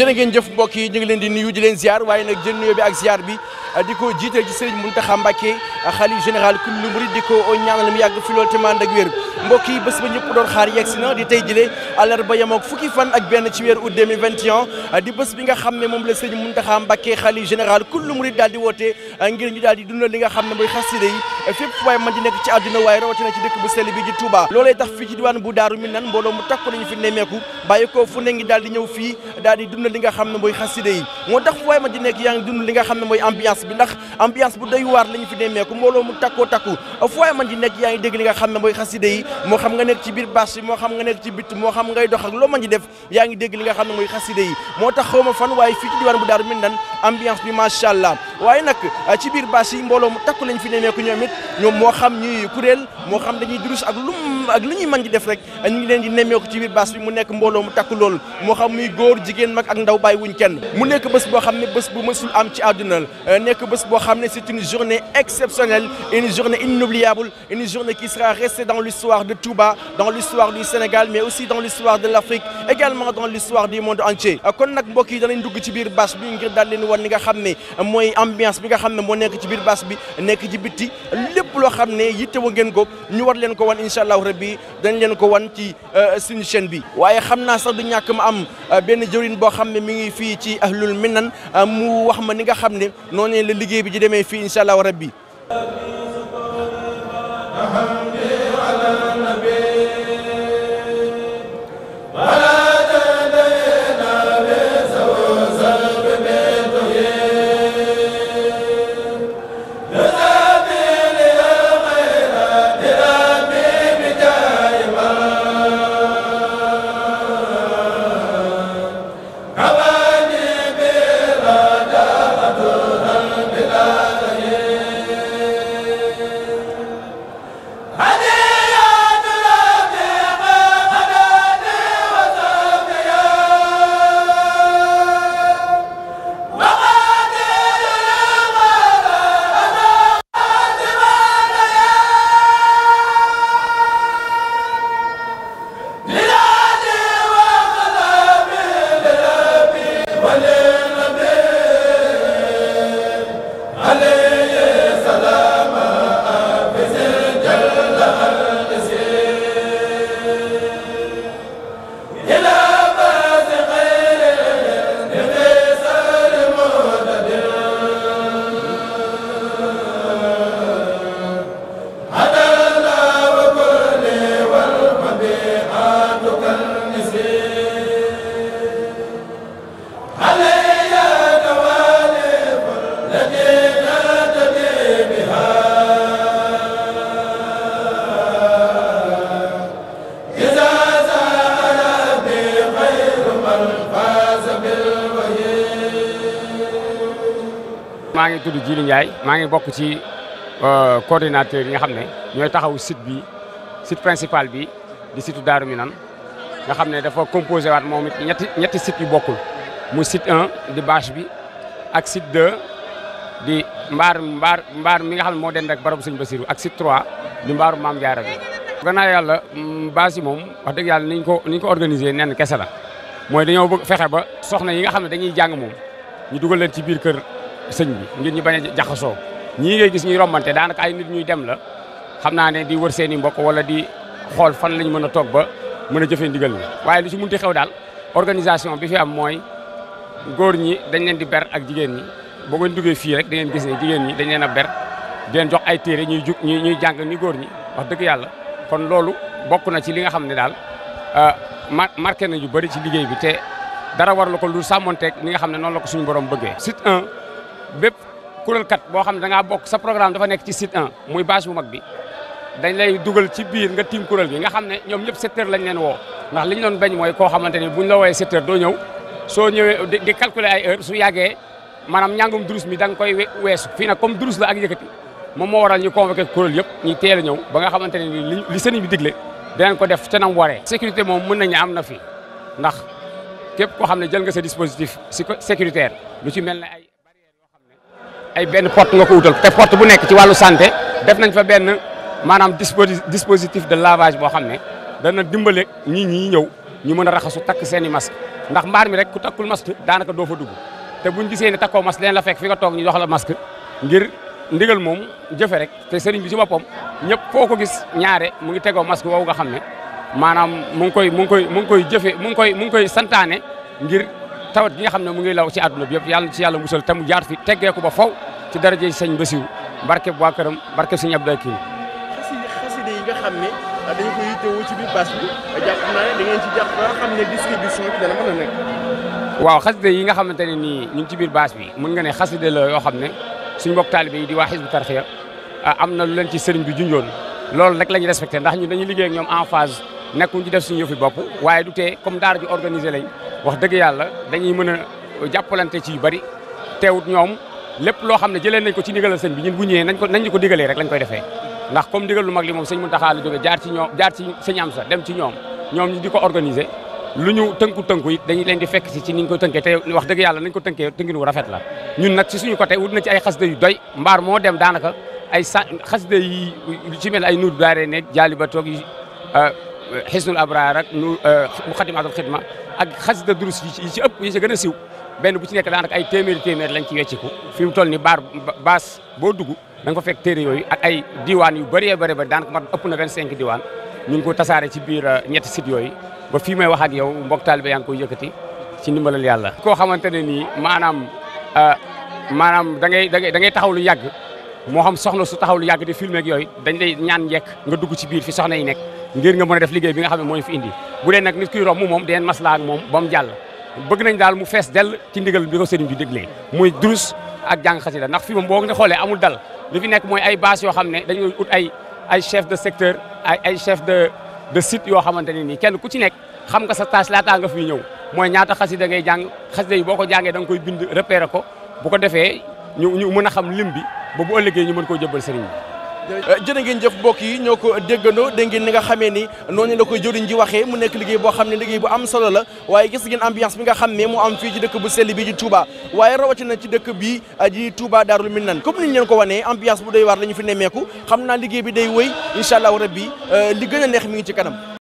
jërë ngeen jëf mbokk yi ngi leen di nuyu di leen ziar waaye nag jën nuyoo bi ak ziar bi ah, di ko jiital ci sëriñ Mountakha Mbacké xalifa ah, général kullu murid di ko ñaanal mu yàgg fi lool te man ak wér mbokk yi bés ba ñëpp doon xaar yegg na di tey jile àllarba yemook fukki fan ak benn ci weeru août 2021 ah, di bés bi nga xam ne moom la sëriñ Mountakha Mbacké xalifa général kullu murid daal di woote ngir ñu daal di dundal li nga xam ne mooy xasida yi E fépp fu waaye man di nekk ci àdduna waaye rawatina ci dëkk bu sell bi di Touba loolee tax fii ci diwaan bu Daaru Minaan mbooloo mu takku nañu fi nemmeeku bi ndax ambiance bu tax fii ci diwaan bu Daaru Minaan ambiance mbooloo mu takku lañ fi nemmeeku ñoom rek ñoom moo xam ñuy kuréel moo xam dañuy durus ak lu ak lu ñuy man di def rek ñu ngi leen di nemmeeku ci biir baas bi mu nekk mbooloo mu takk lool moo xam muy góor jigéen mag ak ndaw bàyyi wuñ kenn mu nekk bés boo xam ne bés bu mësul am ci àdduna la euh, nekk bés boo xam ne c'est une journée exceptionnelle une journée inoubliable une journée qui sera restée dans l'histoire de Touba dans l'histoire du Sénégal mais aussi dans l'histoire de l'Afrique également dans l'histoire du monde entier kon nak mbokk yi danañ dugg ci biir bass bi ngir dal leen won li nga xamné moy ambiance bi nga xamné mo nekk ci biir bass bi nekk ci biti lepp lo xamné yitté yittewu ngeen ko ñu war leen ko won inshallah allahu rabbi dañ leen ko won ci euh, suñu chaîne bi Waye xamna sax du ñàkk ma am ben jëwriñ bo xamné mi ngi fi ci ahlul minan euh, mu wax ma ni nga xamné ne la liggéey bi di démé fi inshallah allahu rabbi maa ngi tudd Djili Ndiaye maa ngi bokk ci euh, coordinateur yi nga xam taxaw site bi site principal bi di site daru minan, nga xam dafa composé wat momit it ñetti ñetti sites yu bokkul mu site 1 di bâche bi ak site 2 di mbar mbar mbar mi nga xam mo den rek barab seigne basirou ak site 3 di mbar mam Jaara bi gannaaw yalla mm, basi mom wax deug yalla niñ ko niñ ko organiser nenn kessa la moy dañoo bëgg fexe ba soxna yi nga xam dañuy jang mom ñu duggal leen ci biir kër señ bi ngir ñu bañ a ñi ngay gis ñuy rombante daanaka ay nit ñuy dem la xamna né di wër seeni mbokk wala di xol fan lañ mëna tok ba mëna jëfé ndigal ni waye lu ci mënti xew dal organisation bi fi am moy goor ñi dañ leen di ber ak jigen ñi bo ngeen duggé fi rek da ngeen gis ne jigéen ñi dañ leen a ber di leen jox ay téré ñuy juk ñuy ñuy jàng ni goor ñi wax dëgg yalla kon loolu bokku na ci li nga xamné dal euh marqué na yu bëri ci liggéey bi té dara war la ko lu sàmmonteeg ni nga xamné non la ko suñu borom bëggé site 1 bépp kuréelkat boo xam ne da ngaa bokk sa programme dafa nekk ci site 1 muy bâche bu mag bi dañ lay dugal ci biir nga tiim kuréel bi nga xam ne ñoom ñëpp secteur lañ leen woo ndax li ñu doon bañ mooy koo xamante ni buñ la wooyee secteur doo ñëw soo ñëwee di calculer ay heure su yàggee maanaam ñàngum durus mi da nga koy weesu fii nag comme durus la ak yëkkati moom moo waral ñu convoqué kuréel yëpp ñu teel a ñëw ba nga xamante ne ni li sëriñ bi digle ko def ca nam waree sécurité moom mën nañu am na fi ndax këpp koo xam ne jël nga sa dispositif sécuritaire lu ci mel ne ay benn port nga ko wutal te port bu nekk ci wàllu santé def nañ fa benn maanaam dispositif de lavage boo xam ne dana dimbale nit ñi ñëw ñu mën a raxasu takk seen i masque ndax mbaar mi rek ku takkul masque daanaka doo fa dugg te buñ gisee ne takkoo masque leen la fekk fi nga toog ñu jox la masque ngir ndigal moom jëfe rek te sëriñ bi ci boppam ñëpp foo ko gis ñaare mu ngi tegoo masque woowu nga xam ne maanaam mu ngi koy mu ngi koy mu ngi koy jëfe mu ngi koy mu ngi koy santaane ngir tawat gi nga xam ne mu ngi law ci àdduna bi yëpp yàlla ci yàlla musal jaar fi teggee ko ba faw ci daraje sëñ Basiw barke bu waa këram barke sëñ Abdou Akim xaside yi nga xam ne ah, dañ ko yittewoo ci biir bâche bi a nekk waaw xaside yi nga xamante ne nii ñu ngi ci biir bâche bi mën nga ne xaside la yoo xam ne suñ mbokk taalibe yi di waa Hizbut a ah, am na lu leen ci sëriñ bi junjoon loolu rek lañu respecté ndax ñu dañuy liggéey ñoom enfas phase nekkuñ ci def suñu yëfi bopp waaye du tee comme daar ji organisé lañ wax dëgg yàlla dañuy mën a jàppalante ci yu bari teewut ñoom lépp loo xam ne jëlee nañ ko ci ndigalal sëñ bi ñun bu ñëwee nañ ko nañ ko digalee rek lañ koy defee ndax comme ndigal lu mag li moom sëñ Muntaxa la jóge jaar ci ñoom jaar ci sëñ Amsa dem ci ñoom ñoom ñu di ko organiser lu ñu tënku tënku it dañu leen di fekk si ci ni ñu ko tënkee te wax dëgg yàlla nañ ko tënkee tënkin wu rafet la ñun nag ci suñu côté wut na ci ay xasida yu doy mbaar moo dem daanaka ay xas xasida yi ci mel ay nuur daare ne jaali ba toog yi euh, xisnul abraar ak nu euh, muxadimatul xidma ak xasida durus yi ci ëpp yi ci gën a siw benn bu ci nekk daanaka ay téeméeri téeméer lañ ci wecciku fi mu toll ni baar baas boo dugg da nga fa fekk téere yooyu ak ay diwaan yu bëree bari bëri daanaka mat ëpp na 25 diwaan ñu ngi ko tasaare ci biir euh, ñetti site yooyu ba fii may wax ak yow mbokk taalibe yaa ngi koy yëkkati ci ndimbalal yàlla. koo xamante ne nii maanaam euh, maanaam da ngay da ngay taxaw lu yàgg moo xam soxna su taxaw lu yàgg di filmer ak yooyu dañ lay ñaan njekk nga dugg ci biir fi soxna yi nekk. ngir nga mën a def liggéey bi nga xam ne moo ñu fi indi bu dee nag nit kuy romb moom deen maslaa moom ba mu jàll bëgg nañ daal mu fees dell ci ndigal bi ko sëriñ bi déglee muy durus ak jàng xasida ndax fi moom boo nga xoolee amul dal li fi nekk mooy ay bâche yoo xam ne dañuy ut ay ay chef de secteur ay ay chef de de site yoo xamante ne nii kenn ku ci nekk xam nga sa tâche laataa nga fi ñëw mooy ñaata xasida ngay jàng xasida yi boo ko jàngee da nga koy bind repérer ko bu ko defee ñu ñu mën a xam lim bi ba bu ëllëgee ñu mën koo jëbal sëriñ bi Eh, jërë ngeen jëf mbokk yi ñoo ko déggandoo dégg ngeen ni nga xamee ni noo la koy jëriñ ji waxee mu nekk liggéey boo xam ne liggéey bu am solo la waaye gis ngeen ambiance bi nga xam ne mu am fii ci dëkk bu sell bi di Touba waaye rawatina ci dëkk bi eh, di Touba Daarul Minaan comme niñ leen ko wanee ambiance bu doy waar la ñu fi nemmeeku xam naa liggéey bi day wëy incha allahu rabbi eh, li gën a neex mi ngi ci kanam